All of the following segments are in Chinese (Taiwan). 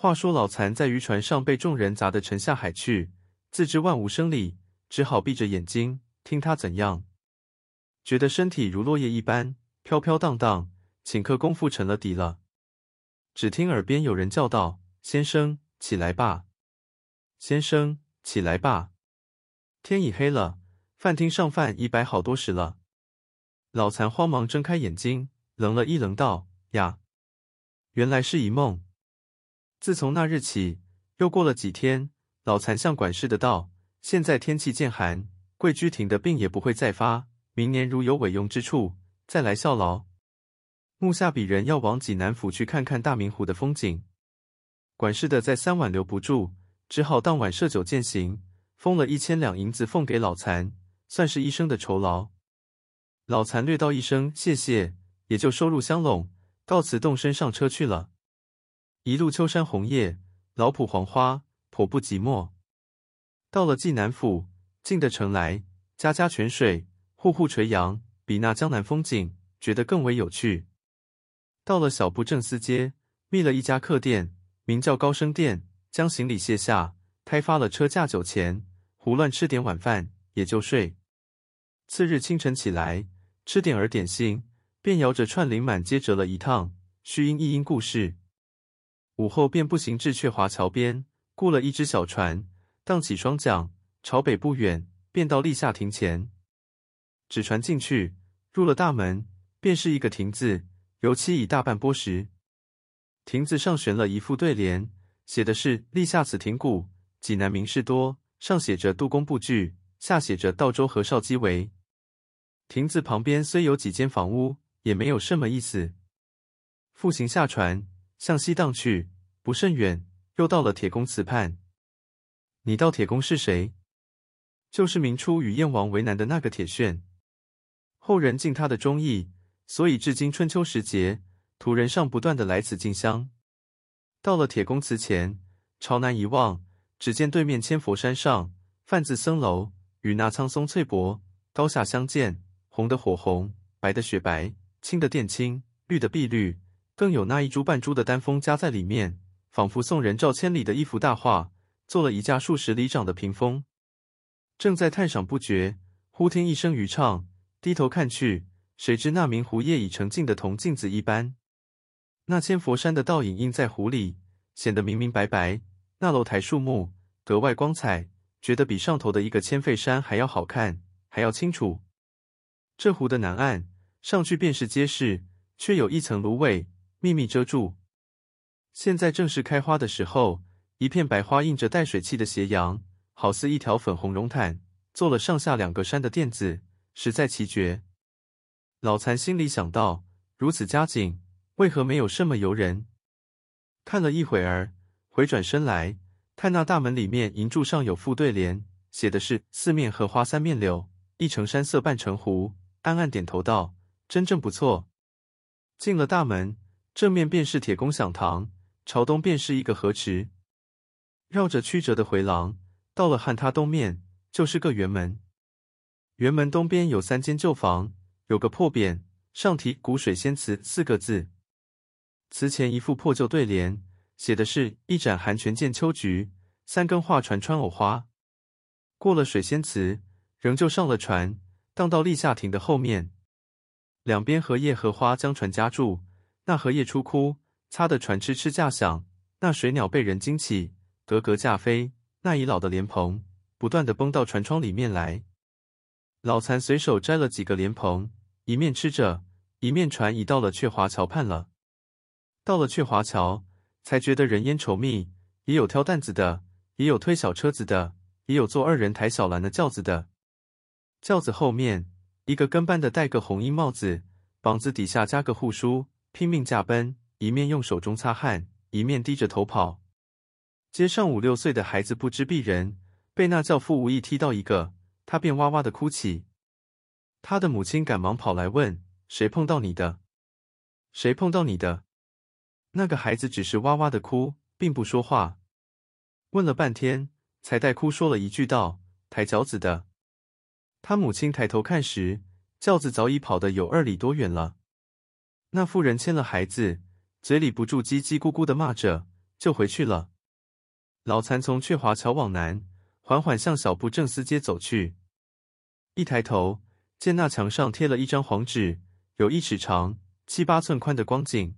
話說老殘在漁船上被眾人砸得沉下海去，自知萬無生理，只好閉着眼睛聽他怎樣，覺得身體如落葉一般飄飄蕩蕩，頃刻功夫沉了底了。只聽耳邊有人叫道：“先生，起來吧！先生，起來吧！天已黑了，飯廳上飯已擺好多時了。”老殘慌忙睜開眼睛，愣了一愣，道：“呀，原來是一夢。”自從那日起，又過了幾天，老殘向管事的道：“現在天氣漸寒，貴居停的病也不會再發。明年如有委用之處，再來效勞。目下鄙人要往濟南府去看看大明湖的風景。”管事的再三挽留不住，只好當晚設酒餞行，封了一千兩銀子奉給老殘，算是醫生的酬勞。老殘略道一聲謝謝，也就收入箱籠，告辭動身上車去了。一路秋山紅葉，老圃黃花，頗不寂寞。到了濟南府，進得城來，家家泉水，戶戶垂楊，比那江南風景，覺得更為有趣。到了小布政司街，覓了一家客店，名叫高升店，將行李卸下，開發了車駕酒錢，胡亂吃點晚飯，也就睡。次日清晨起來，吃點兒點心，便搖着串鈴滿街折了一趟，虛應一應故事。午後便步行至鵲華橋邊，雇了一隻小船，蕩起雙槳，朝北不遠，便到歷下亭前。只船進去，入了大門，便是一個亭子，油漆已大半剝蝕。亭子上懸了一副對聯，寫的是“歷下此亭古，濟南名士多”，上寫着杜工部句，下寫着道州何紹基為。亭子旁邊雖有幾間房屋，也沒有什麼意思。復行下船。向西蕩去，不甚遠，又到了鐵公祠畔。你道鐵公是誰？就是明初與燕王為難的那個鐵鉉。後人敬他的忠義，所以至今春秋時節，土人尚不斷的來此進香。到了鐵公祠前，朝南一望，只見對面千佛山上梵字僧樓，與那蒼松翠柏，高下相間，紅的火紅，白的雪白，青的靛青，綠的碧綠。更有那一株半株的丹楓夾在裡面，仿佛宋人趙千里的一幅大畫，做了一架數十里長的屏風。正在嘆賞不絕，忽聽一聲漁唱，低頭看去，誰知那明湖業已澄淨的同鏡子一般，那千佛山的倒影映在湖裡，顯得明明白白。那樓台樹木格外光彩，覺得比上頭的一個千佛山還要好看，還要清楚。這湖的南岸上去便是街市，卻有一層蘆葦。密密遮住。現在正是開花的時候，一片白花映着帶水氣的斜陽，好似一條粉紅絨毯，做了上下兩個山的墊子，實在奇絕。老殘心裡想到：如此佳景，為何沒有什麼遊人？看了一會兒，回轉身來，看那大門裡面，銀柱上有副對聯，寫的是“四面荷花三面柳，一城山色半城湖”。暗暗點頭道：“真正不錯。”進了大門。正面便是鐵公享堂，朝東便是一個河池，繞着曲折的回廊。到了漢榻東面，就是個圓門。圓門東邊有三間舊房，有個破匾，上題“古水仙祠”四個字。祠前一副破舊對聯，寫的是一盞寒泉見秋菊，三更畫船穿藕花。過了水仙祠，仍舊上了船，蕩到立夏亭的後面，兩邊荷葉荷花將船夾住。那荷葉初枯，擦的船吱吱架響；那水鳥被人驚起，格格架飛；那已老的蓮蓬，不斷的崩到船窗裡面來。老殘隨手摘了幾個蓮蓬，一面吃着，一面船已到了鵲華橋畔了。到了鵲華橋，才覺得人煙稠密，也有挑擔子的，也有推小車子的，也有坐二人抬小藍的轎子的。轎子後面一個跟班的，戴個紅纓帽子，膀子底下夾個護書。拼命駕奔，一面用手中擦汗，一面低着頭跑。街上五六歲的孩子不知避人，被那轎夫無意踢到一個，他便哇哇的哭起。他的母親趕忙跑來問：“誰碰到你的？誰碰到你的？”那個孩子只是哇哇的哭，並不說話。問了半天，才帶哭說了一句道：“抬轎子的。”他母親抬頭看時，轎子早已跑得有二里多遠了。那婦人牽了孩子，嘴裡不住嘰嘰咕咕的罵着，就回去了。老殘從鵲華橋往南，緩緩向小布政司街走去。一抬頭，見那牆上貼了一張黃紙，有一尺長、七八寸寬的光景，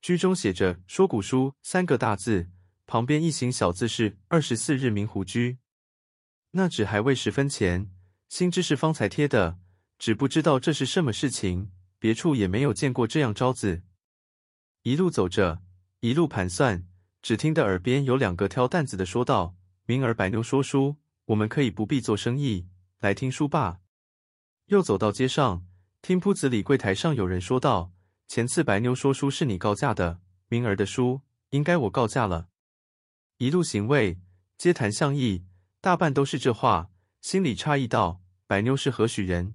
居中寫着“說古書”三個大字，旁邊一行小字是“二十四日明湖居”。那紙還未十分乾，新知是方才貼的，只不知道這是什麼事情。別處也沒有見過這樣招子。一路走着，一路盤算，只聽得耳邊有兩個挑擔子的說道：“明兒白妞說書，我們可以不必做生意，來聽書罷。”又走到街上，聽鋪子裡櫃檯上有人說道：“前次白妞說書是你告假的，明兒的書應該我告假了。”一路行位，街談巷議，大半都是這話，心裡詫異道：“白妞是何許人？”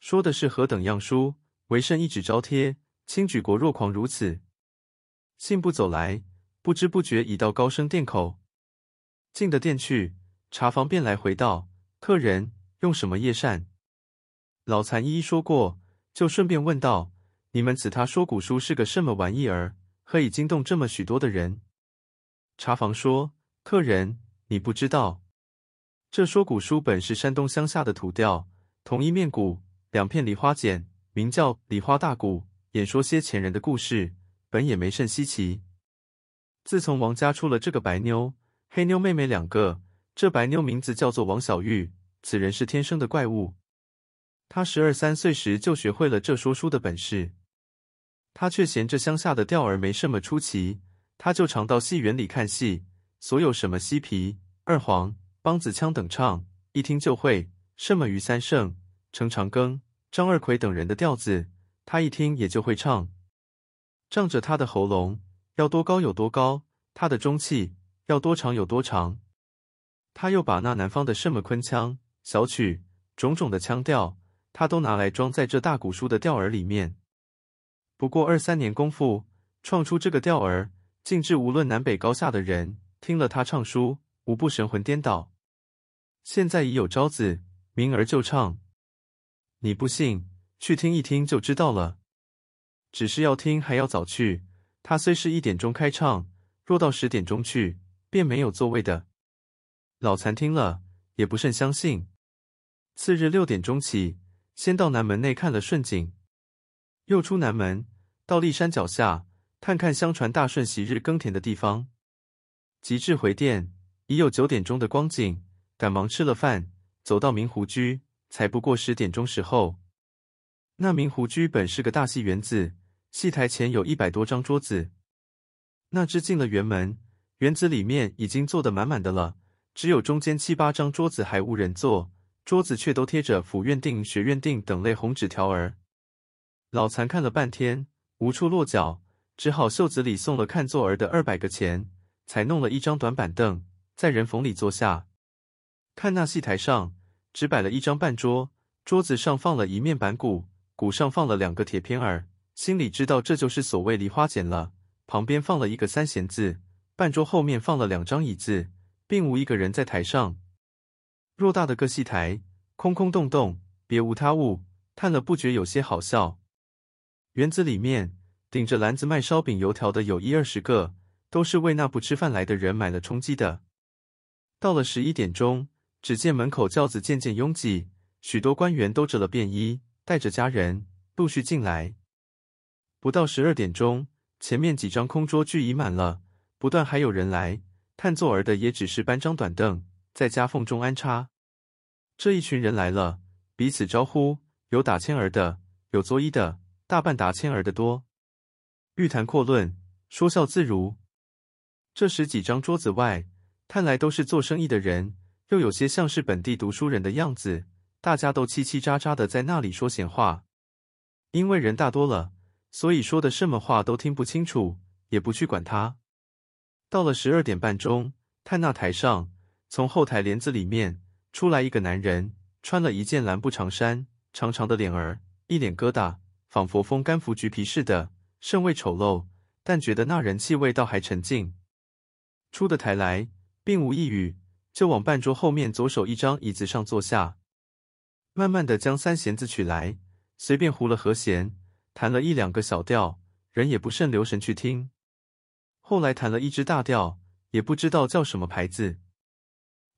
說的是何等樣書？為甚一紙招貼，傾舉國若狂如此？信步走來，不知不覺已到高升店口。進得店去，茶房便來回道：“客人用什麼夜膳？”老殘一一說過，就順便問道：“你們此他說古書是個什麼玩意兒？何以驚動這麼許多的人？”茶房說：“客人，你不知道，這說古書本是山東鄉下的土調，同一面鼓。”兩片梨花簡，名叫梨花大鼓，演說些前人的故事，本也沒甚稀奇。自從王家出了這個白妞、黑妞妹妹兩個，這白妞名字叫做王小玉，此人是天生的怪物。她十二三歲時就學會了這說書的本事，她卻嫌這鄉下的調兒沒什麼出奇，她就常到戲園裡看戲，所有什麼西皮、二黃、梆子腔等唱，一聽就會。什麼余三勝、程長庚，張二奎等人的調子，他一聽也就會唱。仗着他的喉嚨要多高有多高，他的中氣要多長有多長，他又把那南方的什麼昆腔、小曲種種的腔調，他都拿來裝在這大鼓書的調兒裡面。不過二三年功夫，創出這個調兒，竟至無論南北高下的人聽了他唱書，無不神魂顛倒。現在已有招子，明兒就唱。你不信，去聽一聽就知道了。只是要聽，還要早去。他雖是一點鐘開唱，若到十點鐘去，便沒有座位的。老殘聽了，也不甚相信。次日六點鐘起，先到南門內看了舜井，又出南門到歷山腳下，探看相傳大舜昔日耕田的地方。及至回店，已有九點鐘的光景，趕忙吃了飯，走到明湖居。才不過十點鐘時候，那明湖居本是個大戲園子，戲臺前有一百多張桌子。那知進了園門，園子裡面已經坐得滿滿的了，只有中間七八張桌子還無人坐，桌子卻都貼着“府院定”“學院定”等類紅紙條兒。老殘看了半天，無處落腳，只好袖子裡送了看座兒的二百個錢，才弄了一張短板凳，在人縫裡坐下，看那戲臺上，只擺了一張半桌，桌子上放了一面板鼓，鼓上放了兩個鐵片兒，心裡知道這就是所謂梨花簡了。旁邊放了一個三絃子，半桌後面放了兩張椅子，並無一個人在台上。偌大的個戲台空空洞洞，別無他物，看了不覺有些好笑。園子裡面頂着籃子賣燒餅、油條的有一二十個，都是為那不吃飯來的人買了充飢的。到了十一點鐘。只見門口轎子漸漸擁擠，許多官員都着了便衣，帶着家人陸續進來。不到十二點鐘，前面幾張空桌俱已滿了，不斷還有人來。探坐兒的也只是搬張短凳，在夾縫中安插。這一群人來了，彼此招呼，有打千兒的，有作揖的，大半打千兒的多，欲談闊論，說笑自如。這十幾張桌子外，看來都是做生意的人。又有些像是本地讀書人的樣子，大家都嘁嘁喳喳的在那裡說閒話。因為人大多了，所以說的什麼話都聽不清楚，也不去管他。到了十二點半鐘，看那台上，從後台簾子裡面出來一個男人，穿了一件藍布長衫，長長的臉兒，一臉疙瘩，仿佛風乾福橘皮似的，甚為醜陋。但覺得那人氣味倒還沉靜。出的台來，並無一語。就往半桌後面左手一張椅子上坐下，慢慢的將三弦子取來，隨便胡了和弦，彈了一兩個小調，人也不甚留神去聽。後來彈了一支大調，也不知道叫什麼牌子，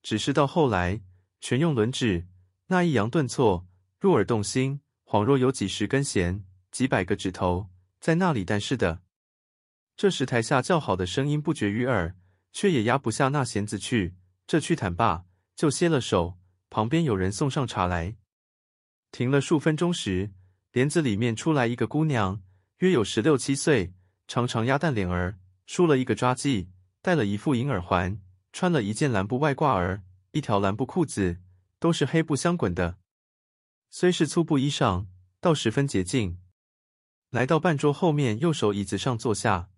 只是到後來全用輪指，那抑揚頓挫，入耳動心，恍若有幾十根弦，幾百個指頭在那裡彈似的。這時台下叫好的聲音不絕於耳，卻也壓不下那弦子去。這曲彈罷，就歇了手。旁邊有人送上茶來，停了數分鐘時，簾子裡面出來一個姑娘，約有十六七歲，長長鴨蛋臉兒，梳了一個抓髻，戴了一副銀耳環，穿了一件藍布外褂兒，一條藍布褲子，都是黑布鑲滾的。雖是粗布衣裳，倒十分潔淨。來到半桌後面右手椅子上坐下，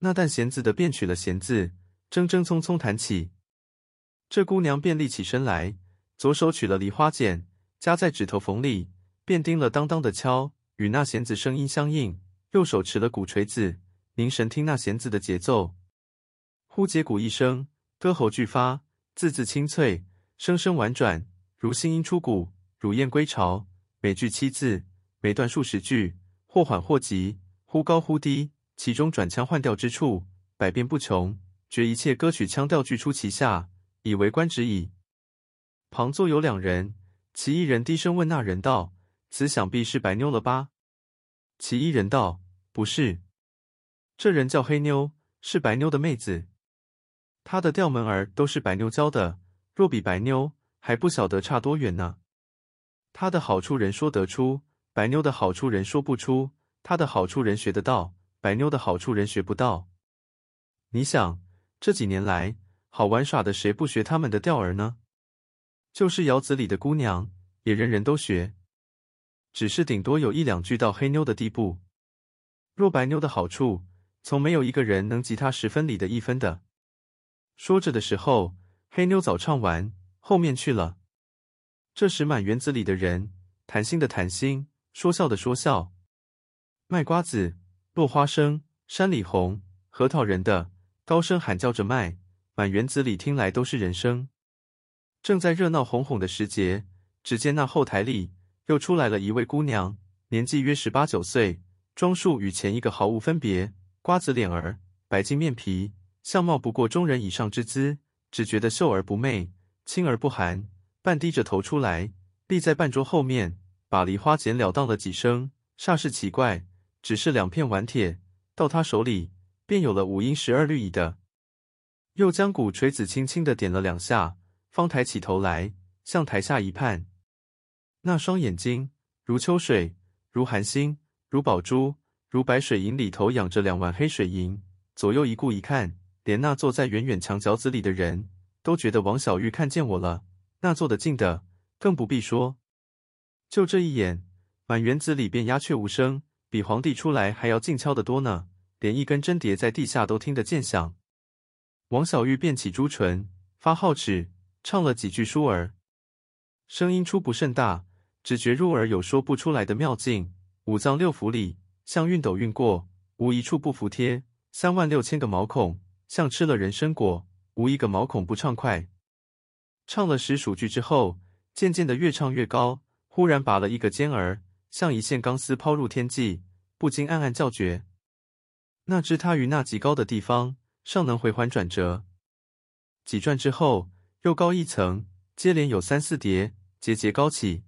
那彈弦子的便取了弦子，錚錚鏦鏦彈起。這姑娘便立起身來，左手取了梨花簡，夾在指頭縫裡，便叮了當當的敲，與那弦子聲音相應；右手持了鼓錘子，凝神聽那弦子的節奏。忽羯鼓一聲，歌喉俱發，字字清脆，聲聲婉轉，如新鶯出谷，如燕歸巢。每句七字，每段數十句，或緩或急，忽高忽低，其中轉腔換調之處，百變不窮，絕一切歌曲腔調俱出其下。以為觀止矣。旁坐有兩人，其一人低聲問那人道：“此想必是白妞了吧？”其一人道：“不是，這人叫黑妞，是白妞的妹子。她的調門兒都是白妞教的，若比白妞，還不曉得差多遠呢。他的好處人說得出，白妞的好處人說不出；他的好處人學得到，白妞的好處人學不到。你想，這幾年來，好玩耍的誰不學他們的調兒呢？就是窑子裡的姑娘也人人都學，只是頂多有一兩句到黑妞的地步。若白妞的好處，從沒有一個人能及他十分裡的一分的。說着的時候，黑妞早唱完，後面去了。這時滿園子裡的人，談心的談心，說笑的說笑。賣瓜子、落花生、山裡紅、核桃仁的，高聲喊叫着賣。滿園子裡聽來都是人聲，正在熱鬧哄哄的時節，只見那後台裡又出來了一位姑娘，年紀約十八九歲，裝束與前一個毫無分別，瓜子臉兒，白淨面皮，相貌不過中人以上之姿，只覺得秀而不媚，清而不寒，半低着頭出來，立在半桌後面，把梨花簡丁當了幾聲，煞是奇怪，只是兩片頑鐵到他手裡，便有了五音十二律似的。又將鼓錘子輕輕地點了兩下，方抬起頭來向台下一盼。那雙眼睛如秋水，如寒星，如寶珠，如白水銀裡頭養着兩丸黑水銀。左右一顧一看，連那坐在遠遠牆角子裡的人都覺得王小玉看見我了。那坐得近的更不必說。就這一眼，滿園子裡便鴉雀無聲，比皇帝出來還要靜悄得多呢。連一根針跌在地下都聽得見響。王小玉便啟朱唇，發皓齒，唱了幾句書兒，聲音初不甚大，只覺入耳有說不出來的妙境，五臟六腑裡像熨斗熨過，無一處不伏貼；三萬六千個毛孔像吃了人參果，無一個毛孔不暢快。唱了十數句之後，漸漸的越唱越高，忽然拔了一個尖兒，像一線鋼絲拋入天際，不禁暗暗叫絕。那知他於那極高的地方。尚能回環轉折，幾轉之後又高一層，接連有三四疊，節節高起，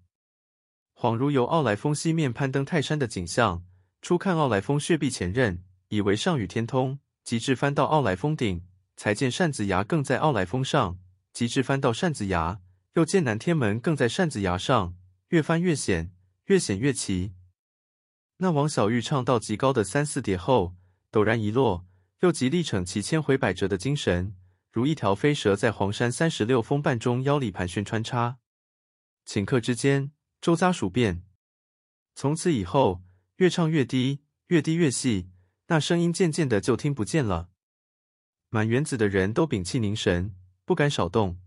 恍如由傲來峰西面攀登泰山的景象。初看傲來峰削壁千仞，以為上與天通；及至翻到傲來峰頂，才見扇子崖更在傲來峰上；及至翻到扇子崖，又見南天門更在扇子崖上。越翻越險，越險越奇。那王小玉唱到極高的三四疊後，陡然一落。又極力逞其千回百折的精神，如一條飛蛇在黃山三十六峰半中腰裡盤旋穿插。頃刻之間，周匝數遍。從此以後，越唱越低，越低越細，那聲音漸漸的就聽不見了。滿園子的人都屏氣凝神，不敢少動。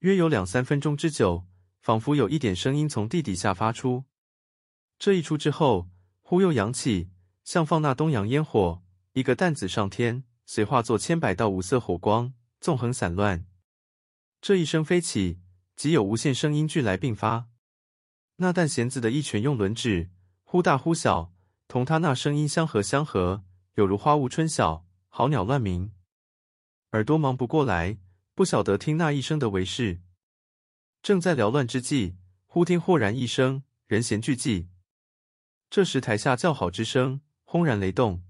約有兩三分鐘之久，仿佛有一點聲音從地底下發出。這一出之後，忽又揚起，像放那東洋煙火。一個彈子上天，遂化作千百道五色火光，縱橫散亂。這一聲飛起，即有無限聲音俱來並發。那彈弦子的一拳用輪指，忽大忽小，同他那聲音相合相合，有如花塢春曉，好鳥亂鳴。耳朵忙不過來，不曉得聽那一聲的為是。正在繚亂之際，忽聽豁然一聲，人弦俱寂。這時台下叫好之聲轟然雷動。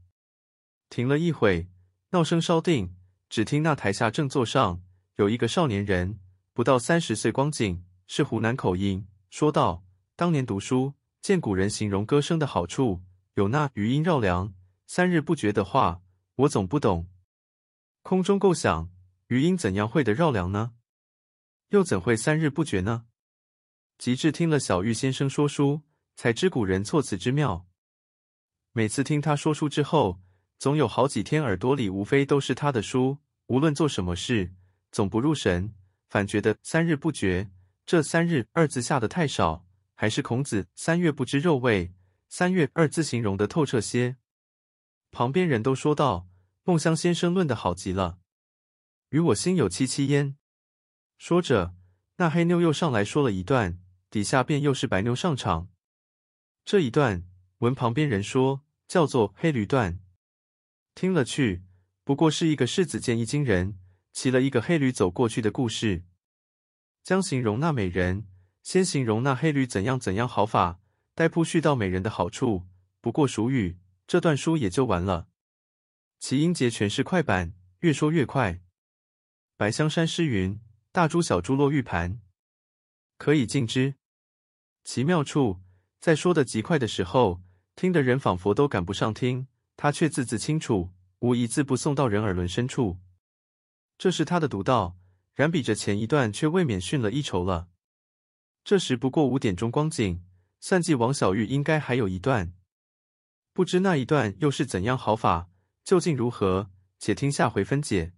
停了一會，鬧聲稍定，只聽那台下正座上有一個少年人，不到三十歲光景，是湖南口音，說道：“當年讀書，見古人形容歌聲的好處，有那餘音繞梁，三日不絕的話，我總不懂。空中構想，餘音怎樣會得繞梁呢？又怎會三日不絕呢？及至聽了小玉先生說書，才知古人措辭之妙。每次聽他說書之後。”總有好幾天，耳朵裡無非都是他的書。無論做什麼事，總不入神，反覺得三日不絕。這“三日”二字下的太少，還是孔子“三月不知肉味”“三月”二字形容的透徹些。旁邊人都說道：“夢湘先生論的好極了，與我心有戚戚焉。”說着，那黑妞又上來說了一段，底下便又是白妞上場。這一段，聞旁邊人說，叫做“黑驢段”。聽了去，不過是一個士子見一美人，騎了一個黑驢走過去的故事。將形容那美人，先形容那黑驢怎樣怎樣好法，待鋪敘到美人的好處。不過數語，這段書也就完了。其音節全是快板，越說越快。白香山詩雲：“大珠小珠落玉盤”，可以盡之。其妙處，在說的極快的時候，聽的人仿佛都趕不上聽。他卻字字清楚，無一字不送到人耳輪深處，這是他的獨到。然比着前一段，卻未免遜了一籌了。這時不過五點鐘光景，算計王小玉應該還有一段，不知那一段又是怎樣好法，究竟如何？且聽下回分解。